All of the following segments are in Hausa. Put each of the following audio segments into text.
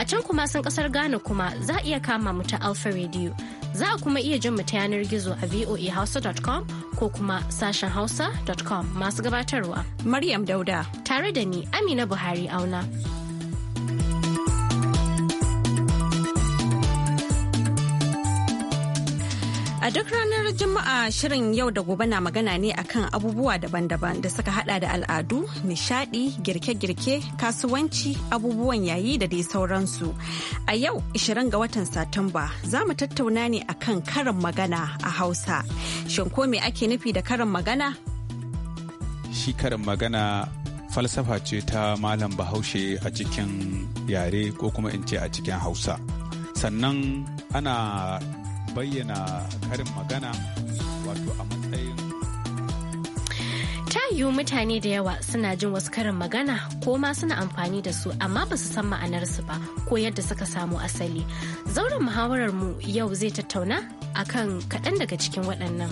A can kuma sun kasar Ghana kuma za a iya kama mu ta Alpha Radio. Za a kuma iya jin mu ta yanar gizo a voahausa.com ko kuma sashen hausa.com masu gabatarwa. Maryam Dauda. Tare da ni Amina Buhari auna. duk ranar Juma'a shirin yau da gobe na magana ne akan abubuwa daban-daban da suka hada da al'adu, nishadi, girke-girke, kasuwanci, abubuwan yayi da dai sauransu. A yau 20 ga watan Satumba za mu tattauna ne akan karin magana a Hausa. Shin ko me ake nufi da karin magana? Shi karin magana falsafa ce ta malam bahaushe a cikin yare ko kuma in ce a cikin Hausa. Sannan ana bayyana karin magana wato a matsayin ta yiwu mutane da yawa suna jin wasu karin magana ko ma suna amfani da su amma ba su san ma'anar su ba ko yadda suka samu asali zauren muhawarar mu yau zai tattauna akan kaɗan daga cikin waɗannan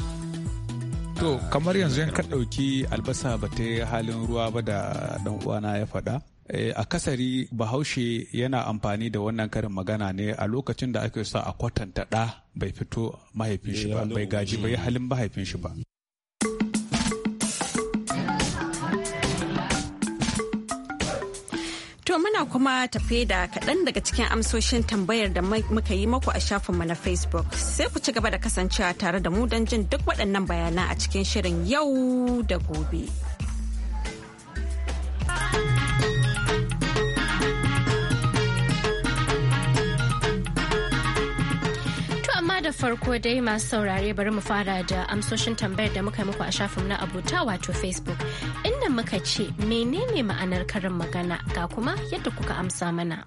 to kamar yanzu ka ɗauki albasa ba ta yi halin ruwa ba da ɗan uwana ya faɗa Eh, a kasari bahaushe yana amfani da wannan karin magana ne a lokacin da ake sa a kwatanta ɗa bai fito mahaifin shi ba bai gaji bai halin mahaifin shi ba To muna kuma tafe da kaɗan daga cikin amsoshin tambayar da muka yi maku a shafinmu na Facebook. Sai ku ci gaba da kasancewa tare da mu don jin duk waɗannan bayanan a cikin shirin yau da gobe. da farko dai masu saurare bari mu fara da amsoshin tambayar da muka muku a shafin na abota wato Facebook. Inda muka ce menene ma'anar karin magana ga kuma yadda kuka amsa mana.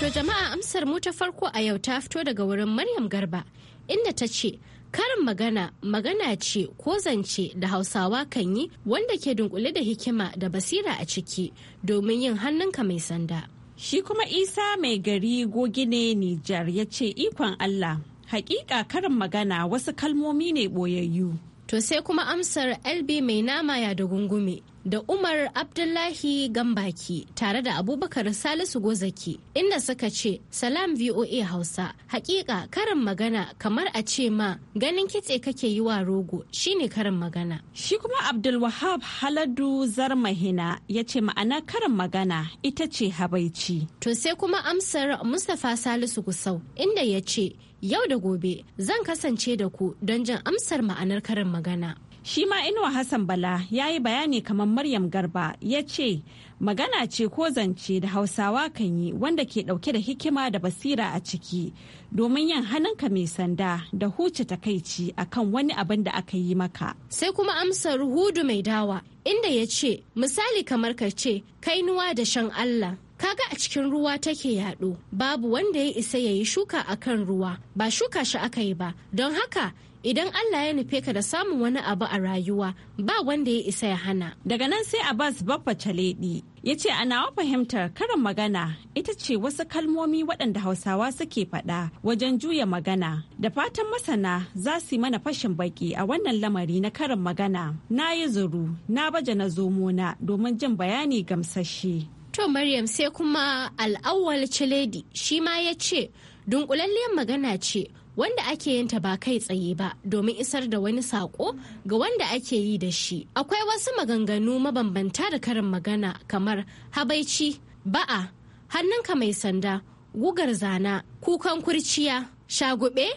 To jama'a amsar mu ta farko a yau ta fito daga wurin Maryam Garba inda ta ce Karin magana magana ce ko zance da Hausawa kan yi wanda ke dunkule da hikima da basira a ciki domin yin hannunka mai sanda. Shi kuma Isa mai gari gogine Nijar ya ce ikon Allah, hakika karin magana wasu kalmomi ne boyayyu To sai kuma amsar LB mai nama ya da gungume da Umar Abdullahi Gambaki tare da Abubakar Salisu Gozaki inda suka ce Salam VOA Hausa hakika karin magana kamar a ce ma ganin kitse kake yi wa rogo shine karin magana. Shi kuma Abdulwahab Haladu Zarmahina ya ce ma'ana karin magana ita ce habaici. To sai kuma amsar Mustapha Salisu Gusau inda ya ce Yau da gobe zan kasance da ku don jin amsar ma'anar karin magana. Shi ma Inuwa Hassan Bala ya yi bayani kamar Maryam Garba ya ce magana ce ko zance da Hausawa kan yi wanda ke ɗauke da hikima da basira a ciki domin yin hannunka mai sanda da huce takaici a kan wani abin da aka yi maka. Sai kuma amsar Hudu mai dawa inda ya ce misali kamar ka ce kainuwa da shan Allah. kaga a cikin ruwa take yaɗo babu wanda ya isa ya yi shuka a kan ruwa ba shuka shi aka yi ba don haka idan Allah ya nufe ka da samun wani abu a rayuwa ba wanda ya isa ya hana. Daga nan sai Abbas Baffa Chaledi ya ce ana nawa fahimtar karin magana ita ce wasu kalmomi waɗanda Hausawa suke faɗa wajen juya magana da fatan masana za su yi mana fashin baki a wannan lamari na karin magana. Na yi zuru na baje na zomona domin jin bayani gamsashe. To Maryam sai kuma al'awwal Chaledi shi ma ya ce dunkulalliyar magana ce wanda ake yin ta ba kai tsaye ba domin isar da wani sako ga wanda ake yi da shi. Akwai wasu maganganu mabambanta da karin magana kamar habaici, ba'a, hannunka mai sanda, gugar zana, kukan kurciya, shagube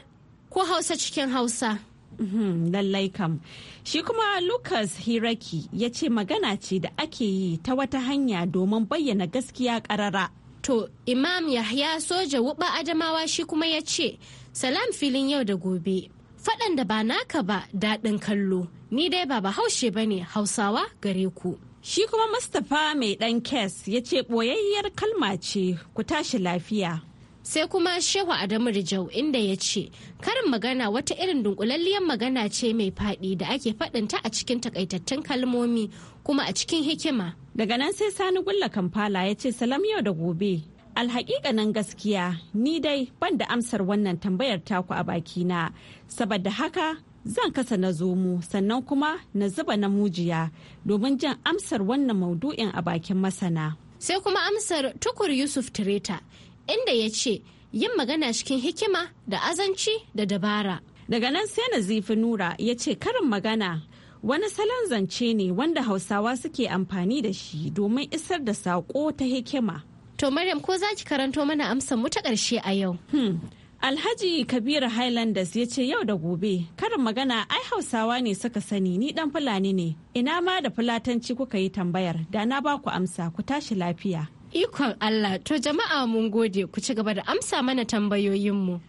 ko hausa cikin hausa. Mhm, lallai kam. Shi kuma Lucas Hiraki ya ce magana ce da ake yi ta wata hanya domin bayyana gaskiya ƙarara. To, Imam Yahya soja wuɓa Adamawa shi kuma ya ce, Salam filin yau da gobe, faɗan da ba naka ba daɗin kallo, ni dai ba haushe ba ne Hausawa gare ku. Shi kuma Mustapha mai ɗan kes ya ce ɓoyayyar kalma ce ku tashi lafiya. sai kuma shehu adamu rijau inda ya ce karin magana wata irin dunkulalliyar magana ce mai faɗi da ake faɗinta a cikin takaitattun kalmomi kuma a cikin hikima daga nan sai sani gulla Kampala ya ce salam yau da gobe alhaƙiƙanin gaskiya ni dai ban da amsar wannan tambayar taku a bakina saboda haka zan kasa na zomo sannan kuma na zuba na mujiya domin jan amsar wannan maudu'in a bakin masana sai kuma amsar tukur yusuf tireta inda ya ce yin magana cikin hikima da azanci da dabara. Daga nan sai Nazifi Nura ya ce karin magana wani salon zance ne wanda Hausawa suke amfani da shi domin isar da saƙo ta hikima. To Maryam ko za ki karanto mana amsar mu ta ƙarshe a yau. Hmm. Alhaji Kabiru Highlanders ya ce yau da gobe karin magana ai Hausawa ne suka sani ni dan Fulani ne ina ma da Fulatanci kuka yi tambayar da na ba ku amsa ku tashi lafiya. Ikon Allah to jama'a mun gode ku ci gaba da amsa mana tambayoyinmu.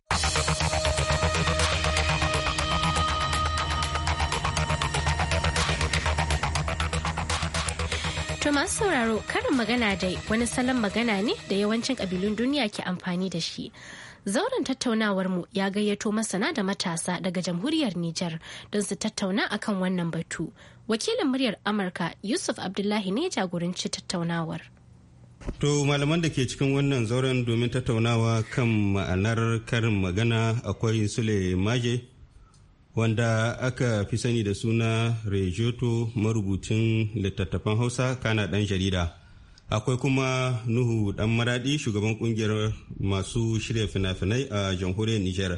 To masu sauraro karin magana dai wani salon magana ne da yawancin kabilun duniya ke amfani da shi. Zauren tattaunawarmu ya gayyato masana da matasa daga jamhuriyar Nijar don su tattauna akan wannan batu. Wakilin muryar Amurka Yusuf Abdullahi ne jagoranci tattaunawar. To malaman da ke cikin wannan zauren domin tattaunawa kan ma'anar karin magana akwai Sule Maje wanda aka fi sani da suna Rejoto marubucin littattafan Hausa kana ɗan jarida. Akwai kuma Nuhu ɗan maraɗi shugaban ƙungiyar masu shirya fina-finai a jamhuriyar Nijar.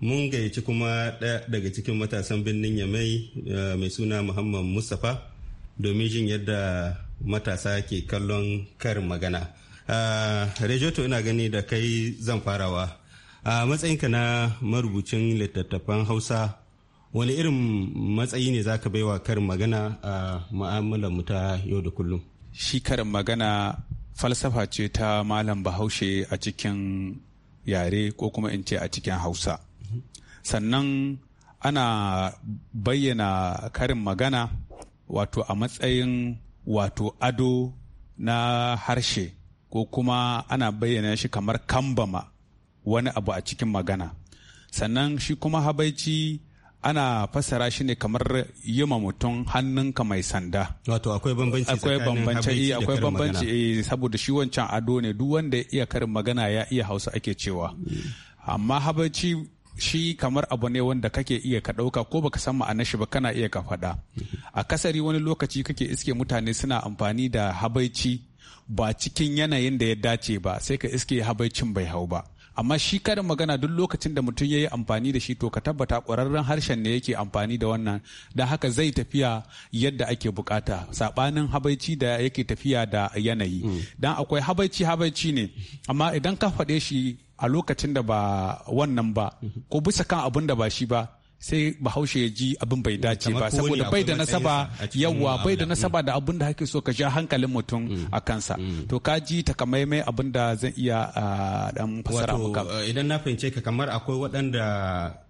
Mun gayyaci kuma ɗaya daga cikin matasan birnin Yamai eh, mai suna Muhammad Mustapha domin jin yadda matasa ke kallon karin magana ah, rejoto ina gani da kai zan farawa a ah, matsayinka na marubucin littattafan hausa wani irin matsayi ne za ka baiwa karin magana a mu'amalar ta yau da kullum shi karin magana falsafa ce ta malam bahaushe a cikin yare ko kuma in ce a cikin hausa sannan ana bayyana karin magana wato a matsayin wato ado na harshe ko kuma ana bayyana shi kamar kambama wani abu a cikin magana sannan shi kuma habaici ana fasara shi ne kamar yi ma mutum hannunka mai sanda. Wato akwai bambanci akwai bambanci akwai bambanci eh, saboda shi wancan ado ne duk wanda ya iya karin magana ya iya hausa ake cewa. Mm. Amma habaici shi kamar abu ne wanda kake iya ka ɗauka ko baka san ma'anar shi ba kana iya ka faɗa kasari wani lokaci kake iske mutane suna amfani da habaici ba cikin yanayin da ya dace ba sai ka iske habaicin bai hau ba amma shi karin magana duk lokacin da mutum ya yi amfani da shi to ka tabbata ƙwararren harshen ne yake amfani da wannan da haka zai tafiya yadda ake bukata saɓanin habaici da yake tafiya da yanayi mm. dan akwai habaici habaici ne amma idan ka faɗe shi a lokacin da ba wannan ba ko bisa kan abin da ba shi ba sai bahaushe ya ji abin bai dace ba saboda bai da nasaba yawa bai da nasaba mm. da abin da hake so ka ja hankalin mutum mm. a kansa mm. to ka ji takamaimai abin da zan iya dan fasara maka eh, idan na fahimce ka kamar akwai waɗanda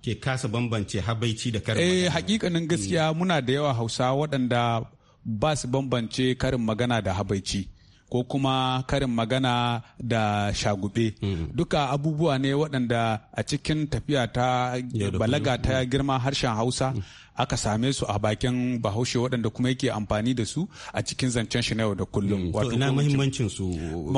ke kasa bambance habaici da karin magana. eh hakikanin gaskiya muna da yawa hausa waɗanda ba su bambance karin magana da habaici ko kuma karin magana da shagube mm-hmm. duka abubuwa ne waɗanda a cikin tafiya ta balaga ta girma harshen hausa mm. aka same su a bakin bahaushe waɗanda kuma yake amfani da su a cikin zancen shi na yau da kullum. Mm, Wato ina mahimmancin su.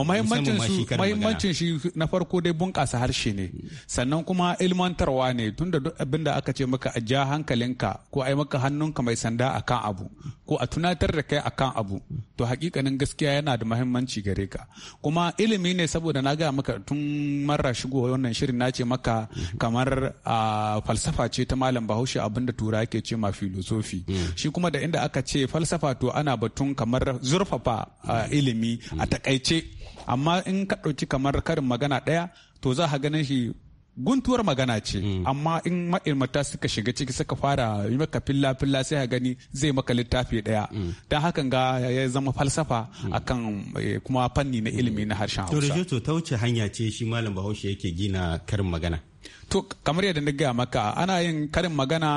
Mahimmancin su mahimmancin shi na farko dai bunƙasa harshe ne mm. sannan kuma ilmantarwa ne tunda duk abin da aka ce maka a ja hankalinka ko a yi maka hannunka mai sanda a kan abu ko a tunatar da kai a kan abu to hakikanin gaskiya yana da mahimmanci gare ka kuma ilimi ne saboda na gaya maka tun mara shigo wannan shirin na ce maka mm-hmm. kamar a ah, falsafa ce ta malam bahaushe abinda tura ke ce ma filosofi hmm. shi kuma da inda aka ce falsafa to ana batun kamar zurfafa uh, hmm. ilimi a hmm. takaice amma in ka ɗauki kamar karin magana ɗaya to za ka ganin shi guntuwar magana ce amma in ma'ilmata suka shiga ciki suka fara yi maka filla filla sai a gani zai maka littafi daya don hakan ga ya zama falsafa akan eh, kuma fanni na ilimi na harshen hausa to ta wuce hanya ce shi malam bahaushe yake gina karin magana to kamar yadda na gaya maka ana yin karin magana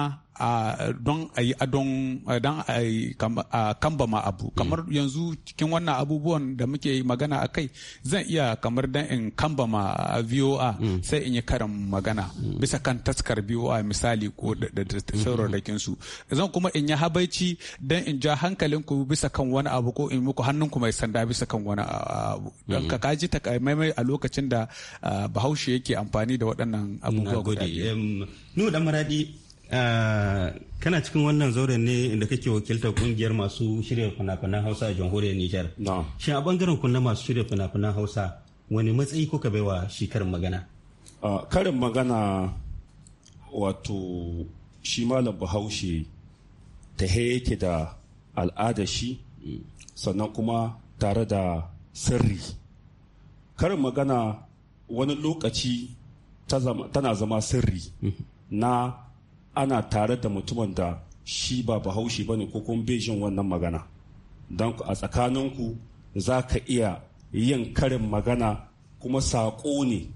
don a yi adon don a yi ma abu mm. kamar yanzu cikin wannan abubuwan da muke magana a kai zan iya kamar dan in ma voa mm. sai in yi karin magana mm. bisa kan taskar voa misali ko da sauraron su zan kuma in yi habaici dan in ja hankalin ku bisa kan wani abu ko in muku hannun ku mai sanda bisa kan wani abu don ka kaji maimai a lokacin da bahaushe yake amfani da waɗannan abubuwa Nuna Eh, kana cikin wannan zauren ne inda kake wakiltar kungiyar masu shirya fina-finan hausa a jamhuriyar nijar shin a bangaren kunna masu shirya fina-finan hausa wani matsayi kuka baiwa shi karin magana ah, karin magana wato shi malam bahaushe ta yake da al'ada shi sannan kuma tare da sirri karin magana wani lokaci tana zama sirri mm-hmm. na ana tare da mutumin da shi ba bahaushe ba ne ko kuma jin wannan magana don a tsakaninku za ka iya yin karin magana kuma saƙo ne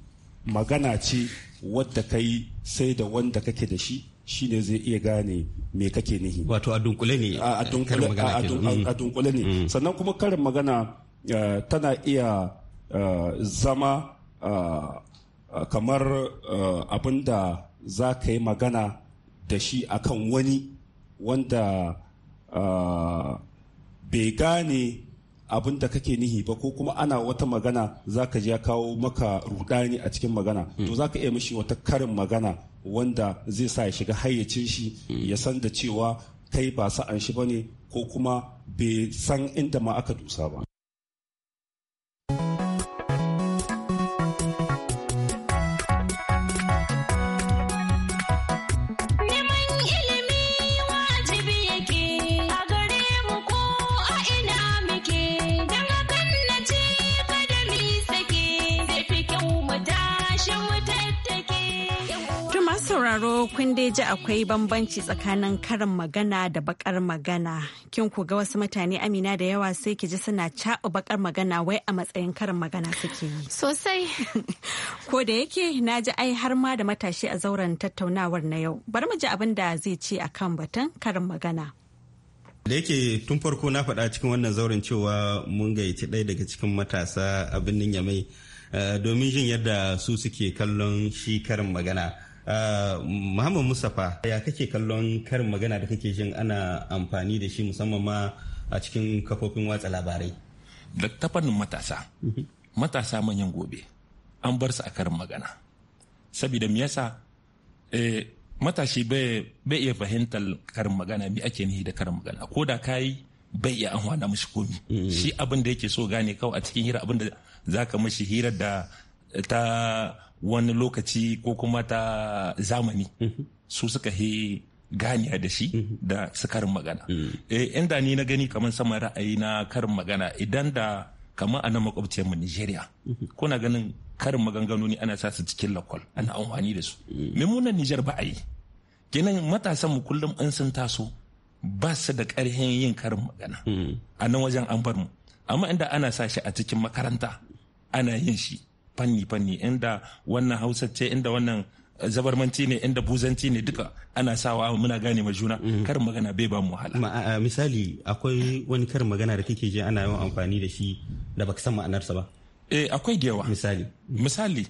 magana ce wadda ka yi sai da wanda kake da shi shi ne zai iya gane me kake nihi wato a dunkule ne a dunkule ne mm. sannan kuma karin magana eh, tana iya eh, zama eh, kamar abin da za ka yi magana da shi akan wani wanda ah, bai gane abin da kake nihi ba ko kuma ana wata magana za ka ya kawo maka rudani a cikin magana hmm. to za ka iya mishi wata karin magana wanda zai sa ya shiga hayyacin shi hmm. ya san da cewa kai ba sa'an shi ba ne ko kuma bai san inda ma aka dusa ba ko kun dai ji akwai bambanci tsakanin karin magana da bakar magana. Kin ku ga wasu mutane amina da yawa sai ki ji suna caɓa bakar magana wai a matsayin karin magana suke yi. Sosai. ko da yake na ji ai har ma da matashi a zauren tattaunawar na yau. Bari mu ji abin da zai ce kan batun karin magana. da yake tun farko na faɗa cikin wannan zauren cewa mun gayyaci ɗaya daga cikin matasa a birnin yamai eh, domin jin yadda su suke kallon shi karin magana Ah, Muhammad Mustapha ya kake kallon karin magana da kake jin ana amfani da shi musamman ma a cikin kafofin watsa labarai. Da tafanin matasa, matasa manyan gobe, an bar su a karin magana. Sabida me yasa eh, matashi bai iya fahimtar karin magana me ake nihi da karin magana ko da kayi bai iya amfana mashi komi mm. shi abin da yake so gane kawai a cikin hira abin da zaka mashi hirar da ta wani lokaci ko kuma ta zamani mhm. su suka he ganiya da shi mhm. da su karin magana mm. eh, inda ni na gani kamar sama ra'ayi na karin magana idan da kamar a nan makwabciyarmu nigeria mhm. kuna ganin karin maganganu ne ana sa su cikin lakwal ana amfani da su Mimunan mm. nijar ba a yi ginin matasan mu kullum an sun taso ba su da ƙarfin yin karin magana mm. a nan wajen an bar mu amma inda ana sa shi a cikin makaranta ana yin shi fanni-fanni inda wannan hausa ce inda wannan zabarmanci ne inda buzanci ne duka ana sawa muna gane ma juna mm-hmm. karin magana bai ba mu wahala misali akwai wani karin magana da kake ji ana yawan amfani da shi da baka san ma'anarsa ba eh akwai da yawa misali misali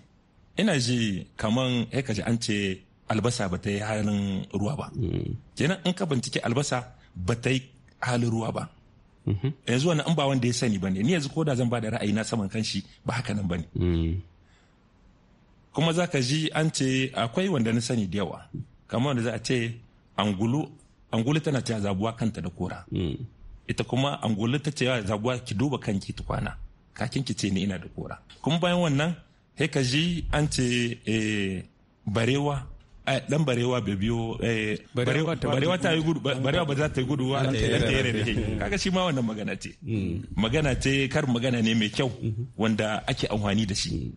ina ji kaman haka ji an ce albasa ba ta yi halin ruwa ba mm. kenan in ka bincike albasa ba ta yi halin ruwa ba yanzu wannan an ba wanda ya sani bane ni yanzu ko da zan ba da ra'ayi na saman kanshi ba haka nan bane kuma za ka ji an ce akwai wanda na sani da yawa kamar wanda za a ce angulu angulu tana cewa zabuwa kanta da kora ita kuma angulu ta ce zabuwa ki duba kanki tukwana kakin ki ce ni ina da kora kuma bayan wannan sai ka ji an ce eh, barewa Eh, dan barewa bai biyo eh, barewa ta yi gudu barewa ba za ta yi gudu wa ta yare da ke kaga shi ma wannan magana ce hmm. magana ce kar magana ne mai kyau hmm. wanda ake amfani da shi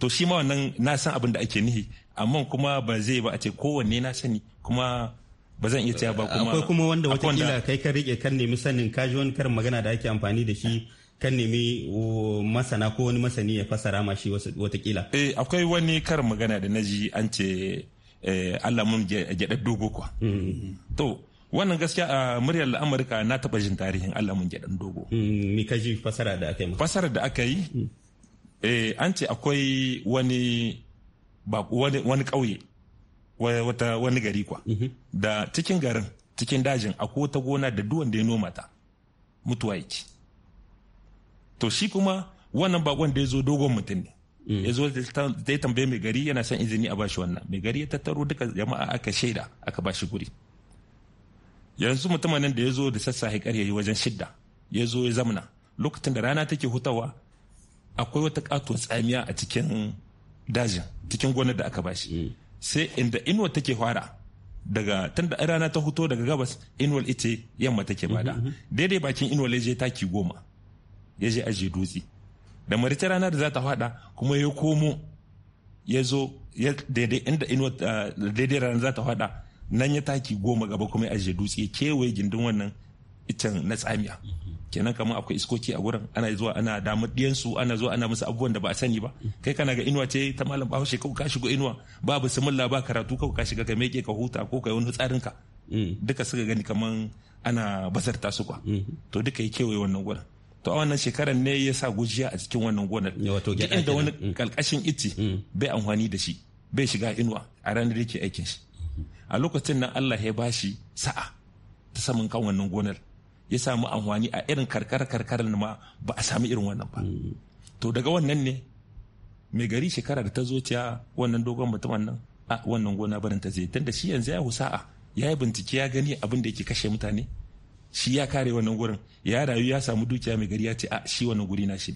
to shi ma wannan na san abin da ake nihi amma kuma ba zai ba a ce kowanne na sani kuma ba zan iya cewa ba kuma akwai kuma wanda watakila kai ka rike kan nemi sanin kaji wani karin magana da ake amfani da shi kan nemi masana ko wani masani ya fasara ma shi watakila. Eh akwai wani karin magana da naji an ce Eh, Allah mun gyaɗa dogo kuwa. Mm. To wannan gaskiya a muryar Amurka na taɓa jin tarihin Allah mun gyaɗan dogo. Ni mm, ka ji fasara da aka yi. Fasara da aka yi mm. eh, an ce akwai wani wani ƙauye wata wani gari kuwa. Mm-hmm. Da cikin garin cikin dajin akwai wata gona da duwan da ya noma ta mutuwa yake. To shi kuma wannan bakon da ya zo dogon mutum ne. Mm. ya zo zai tambaye mai gari yana son izini a bashi wannan mai gari ya tattaro duka jama'a aka shaida aka bashi guri yanzu mutumin nan da ya zo da sassahe karyayi wajen shidda ya zo ya zamna lokacin da rana take hutawa akwai wata kato tsamiya a cikin dajin cikin gonar da aka bashi mm. sai inda inuwa take fara daga tun da rana ta huto daga gabas inuwa ita yamma take bada mm-hmm, mm-hmm. daidai bakin inuwa ya je taki goma ya je aje dutse da marice rana da za ta fada kuma ya komo ya zo daidai inda ah, daidai rana za ta fada nan ya taki goma gaba kuma ya ajiye dutse kewaye gindin wannan iccen na tsamiya kenan kamar akwai iskoki a gurin ana zuwa ana damar diyansu ana zuwa ana musu abubuwan da ba a sani ba kai kana ga inuwa ce ta malam bahaushe kawai ka shigo inuwa ba bismillah ba karatu kawai ka shiga ka meke ka huta ko ka yi wani tsarin ka mm. duka suka gani kaman ana basarta su kwa mm-hmm. to duka ya kewaye wannan gurin to a wannan shekarar ne ya sa gujiya a cikin wannan gonar wato da wani kalkashin mm. iti mm. bai amfani da shi bai shiga inuwa a ranar da yake aikin shi a lokacin nan Allah ya bashi sa'a ta saman kan wannan gonar ya samu amfani a irin karkar karkarar ma ba a sami irin wannan ba mm. to daga wannan ne mai gari shekarar da ta zo ta wannan dogon mutumin nan a wannan gona barin ta zai tunda shi yanzu ya sa'a ya yi bincike ya gani abin da yake kashe mutane shi ya kare wannan gurin ya rayu ya samu dukiya mai gari ya ce a ah, shi wannan guri na shi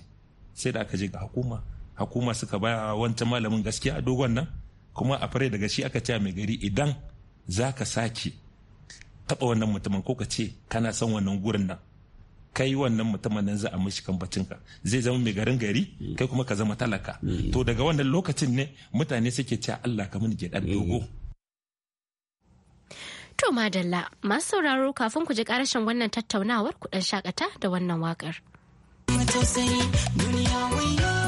sai da aka je ga hukuma hukuma suka ba wancan malamin gaskiya a dogon nan kuma a fare daga shi aka ce mai gari idan za ka sake taɓa wannan mutumin ko ka ce kana son wannan gurin nan kai wannan mutumin nan za a mishi ka zai zama mai garin gari kai kuma ka zama talaka mm. to daga wannan lokacin ne mutane suke cewa Allah ka mun ke dan dogo mm. To madalla masu sauraro kafin ku ji karashin wannan tattaunawar kudin shakata da wannan wakar. duniya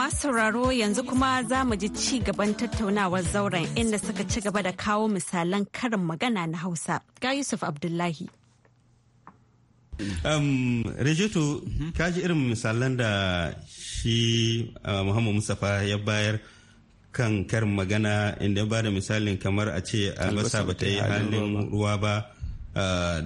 masu sauraro yanzu kuma za mu ji ci gaban tattaunawar zauren inda suka ci gaba da kawo misalan karin magana na Hausa. Ga Yusuf Abdullahi. Um, Rejeto, ka irin misalan da shi Muhammad Mustapha ya bayar kan karin magana inda ya ba da misalin kamar a ce albasa ba ta yi halin ruwa ba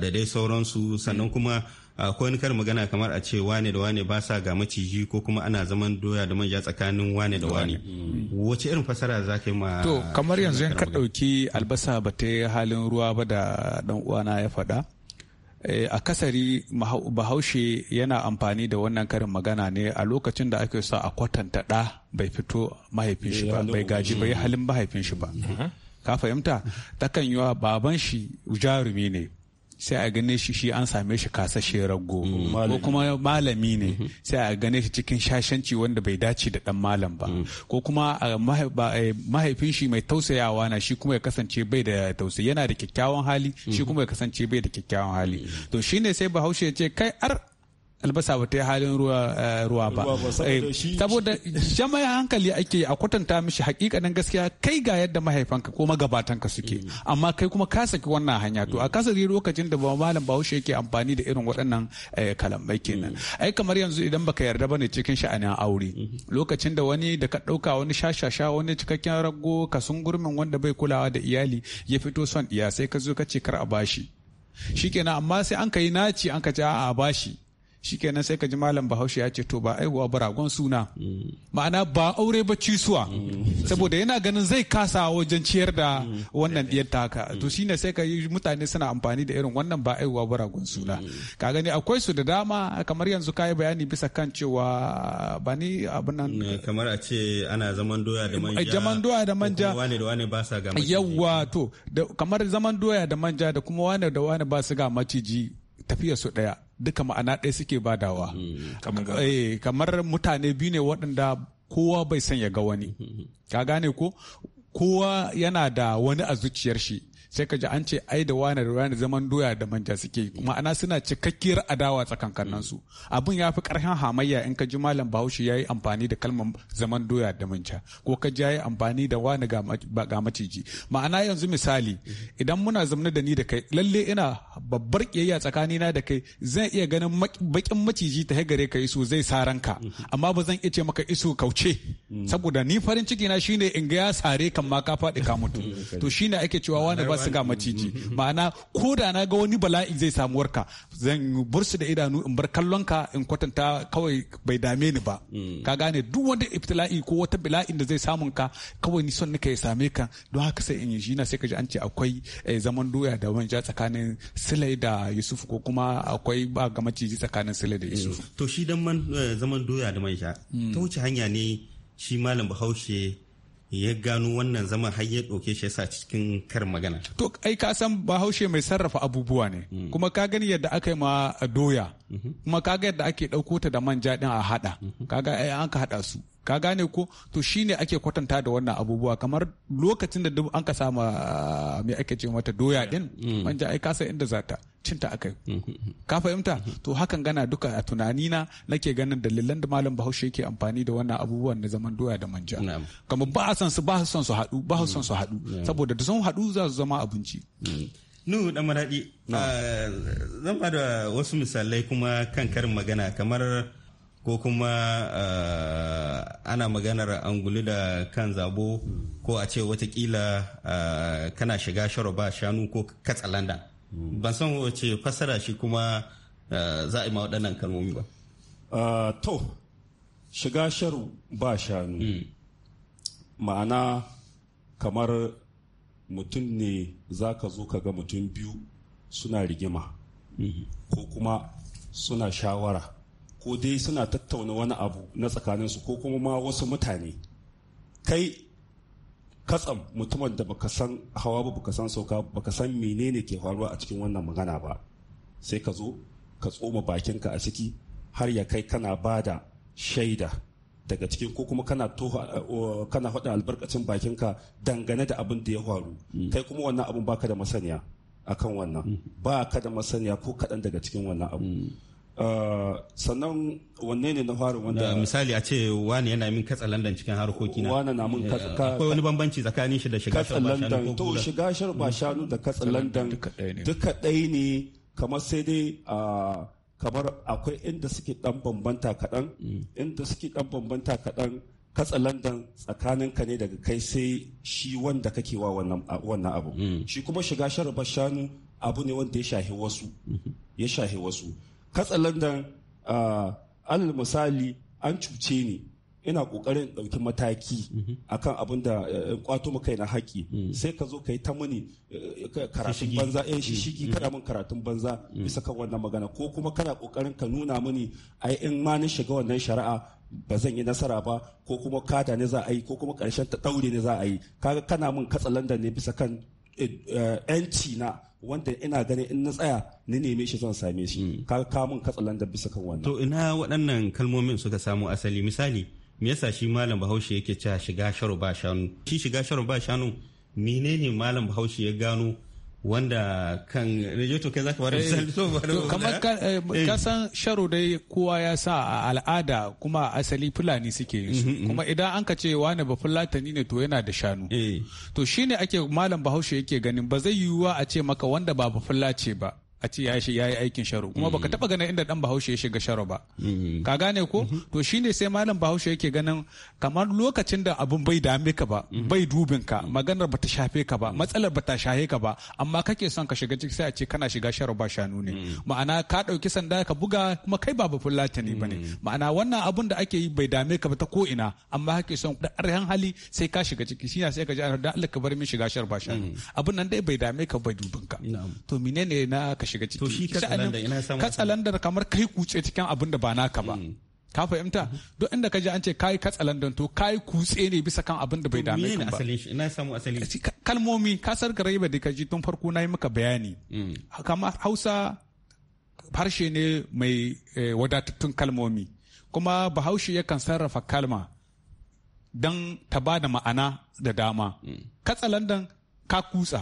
da dai sauransu sannan kuma. akwai wani karin magana kamar a ce wane da wane ba sa ga maciji ko kuma ana zaman doya da manja tsakanin wane da wane mm. wace irin fasara za ka yi ma to kamar yanzu yan ka dauki albasa ba ta yi halin ruwa ba da ɗan uwana ya faɗa eh, a kasari bahaushe yana amfani da wannan karin magana ne a lokacin da ake sa a kwatanta ɗa bai fito mahaifin shi ba eh, bai gaji bai mm. halin mahaifin shi ba mm-hmm. ka fahimta takan wa baban shi jarumi ne sai a gane shi shi an same shi kasashe rago mm. ko kuma malami ne mm-hmm. sai a gane shi cikin shashanci wanda bai dace da dan malam ba mm. ko kuma eh, mahaifin shi mai tausayawa na shi kuma ya kasance bai da tausayi yana da kyakkyawan hali shi mm-hmm. kuma ya kasance bai da kyakkyawan hali mm. to shine sai bahaushe ya ce kai ar albasa ba ta yi halin ruwa eh, ba eh, saboda jama'a hankali ake a kwatanta mishi hakikanin gaskiya kai ga yadda mahaifanka ko magabatanka suke mm. amma kai kuma ka saki wannan hanya to a mm. kasari lokacin da ba malam bahaushe yake amfani da irin waɗannan eh, kalamai kenan mm. ai kamar yanzu idan baka yarda bane cikin sha'anin aure mm-hmm. lokacin da wani da ka ɗauka wani shashasha wani cikakken rago kasun gurmin wanda bai kulawa da iyali ya fito son iya sai ka zo ka ce kar a bashi shikenan amma sai an ka yi naci an ka ce a bashi shikenan sai ka ji malam bahaushe ya ce to ba aihuwa ba ragon suna ma'ana ba aure ba cisuwa saboda yana ganin zai kasa wajen ciyar da wannan diyar haka to shine sai ka yi mutane suna amfani da irin wannan ba aihuwa ba ragon suna ka gani akwai su da dama kamar yanzu ka yi bayani bisa kan cewa ba ni abin nan kamar a ce ana zaman doya da manja zaman doya da manja wane da wane ba sa ga yawa to kamar zaman doya da manja da kuma wane da wane ba su ga maciji tafiyar su daya duka ma'ana ɗaya suke badawa mm-hmm. eh, kamar mutane biyu ne waɗanda kowa bai sanya ga wani mm-hmm. ka gane ko kowa yana da wani a zuciyar shi sai ka ji an ce ai da wani da wani zaman doya da manja suke kuma ana suna cikakkiyar adawa tsakankanin su abun ya fi karfin hamayya in ka ji malam bahaushe ya yi amfani da kalmar zaman doya da manja ko ka ji ya yi amfani da wani ga maciji ma'ana yanzu misali idan muna zamna da ni da kai lalle ina babbar kiyayya tsakanina da kai zan iya ganin bakin maciji ta gare ka iso zai saran ka amma ba zan iya ce maka iso kauce saboda ni farin ciki na shine in ga ya sare kan ma ka faɗi ka mutu to shine ake cewa wani ba su ga maciji ma'ana ko da na ga wani bala'i zai samu warka zan bursu da idanu in bar kallon ka in kwatanta kawai bai dame ni ba mm. ka gane duk wanda iftila'i ko wata bala'in da zai samun ka kawai ni son nika ya same ka don haka sai in yi shi na sai ka ji an ce akwai eh, zaman doya da manja tsakanin silai da yusuf ko kuma akwai ba ga maciji tsakanin silai da yusuf mm. to shi dan eh, zaman doya da manja mm. ta wuce hanya ne shi malam bahaushe ya gano wannan zaman har ya ɗauke shi yasa cikin karin magana. To ai ka san bahaushe mai sarrafa abubuwa ne mm. kuma ka gani yadda aka yi ma doya kuma kaga yadda ake ɗauko ta da manja ɗin a haɗa kaga ai an ka haɗa su ka gane ko to shine ake kwatanta da wannan abubuwa kamar lokacin da duk an ka sama ah, me ake ce mata doya din mm. manja ai kasa inda zata cinta akai mm-hmm. ka fahimta to hakan gana duka a tunani na nake ganin dalilan da malam bahaushe yake amfani da wannan abubuwan na zaman doya da manja kamar ba a san su ba su su haɗu ba su su haɗu mm. saboda da sun haɗu za su zama abinci mm. Nuhu dan maradi. Ah, zan ba da wasu misalai kuma kan karin magana kamar ko kuma ah, ana maganar angulu da kan zabo ko a ce watakila ah, kana shiga sharo ba shanu ko katsalanda. Hmm. Ban san wace fassara shi kuma za a yi waɗannan kalmomi ba. To, shiga sharu ba shanu. Hmm. Ma'ana kamar mutum ne za ka zo ka ga mutum biyu suna rigima ko kuma suna shawara ko dai suna tattauna wani abu na tsakaninsu ko kuma ma wasu mutane kai katsam mutumin da baka san hawa ba baka san sauka baka san menene ke faruwa a cikin wannan magana ba sai ka zo ka tsoma bakinka a ciki har ya kai kana ba da shaida daga cikin ko kuma kana toho kana faɗin albarkacin bakinka dangane da abin da ya faru mm. kai kuma wannan abin baka da masaniya akan wannan mm. ba ka da masaniya ko kaɗan daga cikin wannan abu mm. ah, sannan wanne ne na faru wanda misali a ce wani yana min katsa london cikin harkoki na wani na min katsa eh, akwai wani bambanci tsakanin shi da shiga shanu to shiga shanu da katsa london duka ɗaya ne kamar sai dai ah, kamar akwai inda suke dan bambanta kaɗan mm. inda suke dan bambanta kaɗan katsalandan tsakaninka ne daga kai sai shi wanda kake wa wannan abu mm. shi kuma shiga sharabar shanu abu ne wanda ya shahi wasu mm-hmm. ya shahi wasu katsalandan ah, alal misali an cuce ni ina kokarin ɗauki mataki mhm. akan abin da kwato eh, maka na haƙi mm. sai ka zo ka yi ta muni eh, karatun banza eh mm. shishigi mm. kada min karatun banza bisa kan wannan magana ko kuma kana kokarin ka nuna muni ai in ma ni shiga wannan shari'a ba zan yi nasara ba ko kuma kada ne za a yi ko kuma karshen ta daure ne za a yi kaga kana min katsalandan ne bisa kan eh, yanci na wanda ina ganin in na tsaya ni neme shi zan same shi kaga kamun katsalandan bisa kan wannan to ina waɗannan kalmomin suka samu asali misali me yasa shi malam bahaushe yake cewa shiga sharo ba shanu shi shiga sharo ba shanu menene malam bahaushe ya gano wanda kan eh, to kai zaka bar eh, misali to kamar ka eh, san sharo dai kowa ya sa a al'ada kuma a asali fulani suke yin su mm-hmm, mm-hmm. kuma idan an ka ce wani ba fulatani ne to yana da shanu to shine ake malam bahaushe yake ganin ba zai yiwuwa a ce maka wanda ba ba fulace ba a ce ya yi aikin sharo kuma baka mm. taba ganin inda dan bahaushe ya shiga sharo ba mm-hmm. ka gane ko mm-hmm. to shine sai malam bahaushe yake ganin kamar lokacin da abun bai dame ka ba mm-hmm. bai dubin ka maganar bata shafe ka ba matsalar bata shahe ka ba amma kake son ka shiga ciki sai a ce kana shiga sharo ba shanu ne ma'ana ka dauki sanda ka buga kuma kai ba bafin latani ba ne ma'ana wannan abun da ake yi bai dame ka ba ta ko ina amma kake son da arhan hali sai ka shiga ciki shi sai ka ji da Allah ka bar min shiga sharo ba shanu abun nan dai bai dame ka bai dubin ka to menene na ka shiga ciki to shi katsalandar ina samu katsalandar kamar kai kutse cikin abin da ba naka ba mm. ka fahimta mm-hmm. duk inda ka ji an ce kai katsalandan to kai kutse ne bisa kan abin da bai dame ka ba ina samu asali kalmomi ka sarka raiba da ka ji tun farko na yi maka bayani mm. kamar hausa harshe ne mai eh, wadatattun kalmomi kuma bahaushe yakan sarrafa kalma don ta ba da ma'ana da dama mm. katsalandan ka kutsa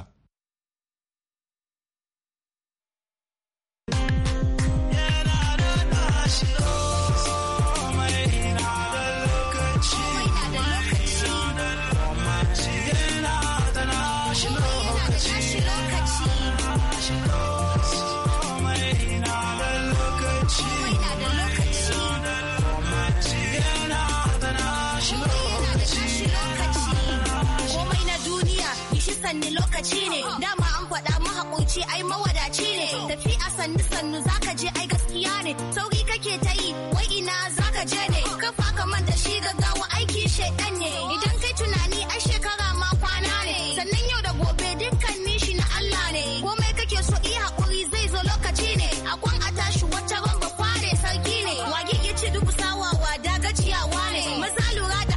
sanni lokaci ne dama an faɗa mahaƙoci ai mawadaci ne tafi a sanni sannu zaka je ai gaskiya ne sauki kake ta yi wai ina zaka je ne kafa ka manta shi gaggawa aiki shaidan ne idan kai tunani ai shekara ma kwana ne sannan yau da gobe dukkan nishi na Allah ne komai kake so yi hakuri zai zo lokaci ne akwan a tashi wata ban ba kware sarki ne wage ya ce duk sawawa dagaciyawa ne maza lura da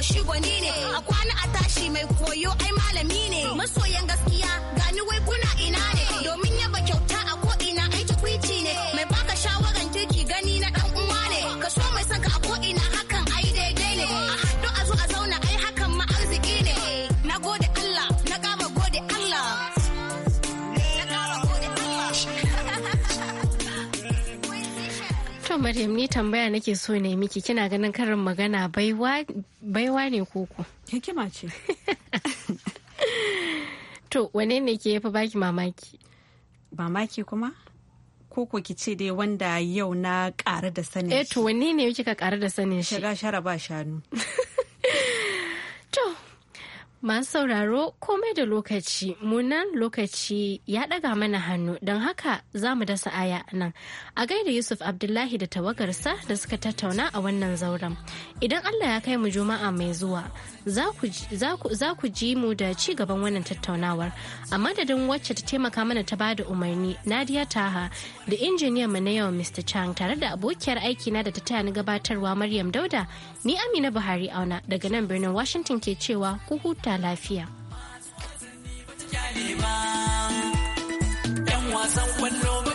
ko shi gwani ne a kwana a tashi mai koyo ai malami ne masoyan gaskiya gani wai kuna ina ne domin Maryam ni tambaya nake so ne miki kina ganin karin magana baiwa ne koko. Hikima ce. To wane ne ke yafi baki mamaki? Mamaki kuma? Koko ki ce dai wanda yau na ƙara da sanin shi. Eh to wane ne kika ƙara da sanin shi? Shiga shara ba shanu. To Masu sauraro komai da lokaci munan lokaci ya ɗaga mana hannu don haka za mu dasa aya nan. A gaida Yusuf Abdullahi da tawagarsa da suka tattauna a wannan zauren. Idan Allah ya kai mu juma'a mai zuwa za ku ji mu da ci gaban wannan tattaunawar. A madadin wacce ta taimaka mana ta bada umarni Nadia Taha da injiniyan mu na yau Mr. Chang tare da abokiyar aiki na da ta taya ni gabatarwa Maryam Dauda ni Amina Buhari auna daga nan birnin Washington ke cewa ku huta huta lafiya. Yan wasan kwallo